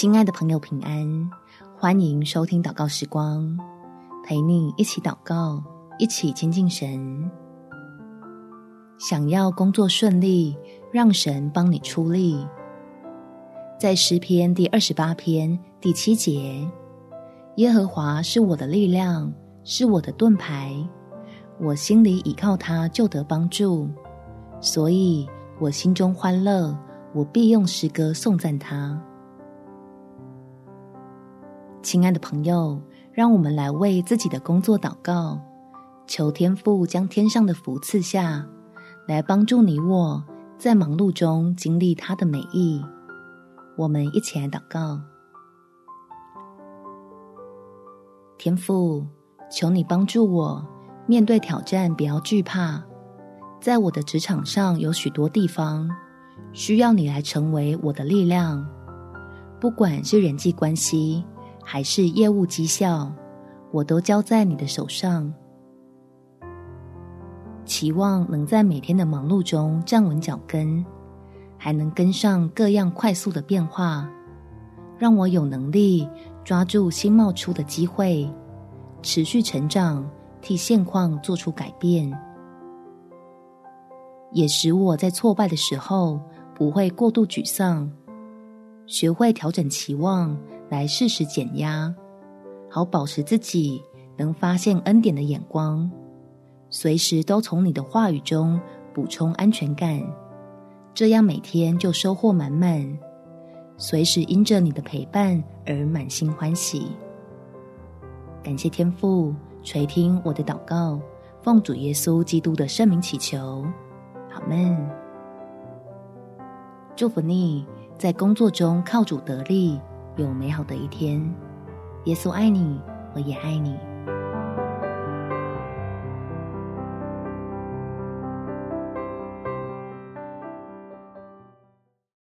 親愛的朋友，平安！歡迎收聽禱告時光，陪你一起禱告，一起親近神。想要工作順利，讓神幫你出力。在詩篇第二十八篇第七節，耶和華是我的力量，是我的盾牌，我心裡倚靠他，就得幫助。所以我心中歡樂，我必用詩歌頌讚他。親愛的朋友，讓我們來為自己的工作禱告，求天父將天上的福賜下，來幫助你我在忙碌中經歷他的美意。我們一起來禱告，天父，求你幫助我面對挑戰，不要懼怕。在我的職場上有許多地方需要你來成為我的力量，不管是人際關係，還是業務績效，我都交在你的手上。期望能在每天的忙碌中站穩腳跟，還能跟上各樣快速的變化，讓我有能力抓住新冒出的機會，持續成長，替現況做出改變，也使我在挫敗的時候不會過度沮喪，學會調整期望。來適時減壓，好保持自己能發現恩典的眼光，隨時都從你的話語中補充安全感，這樣每天就收穫滿滿，隨時因着你的陪伴而滿心歡喜。感謝天父垂聽我的禱告，奉主耶穌基督的聖名祈求，阿們。祝福你，在工作中靠主得力。有美好的一天，耶穌愛你，我也愛你。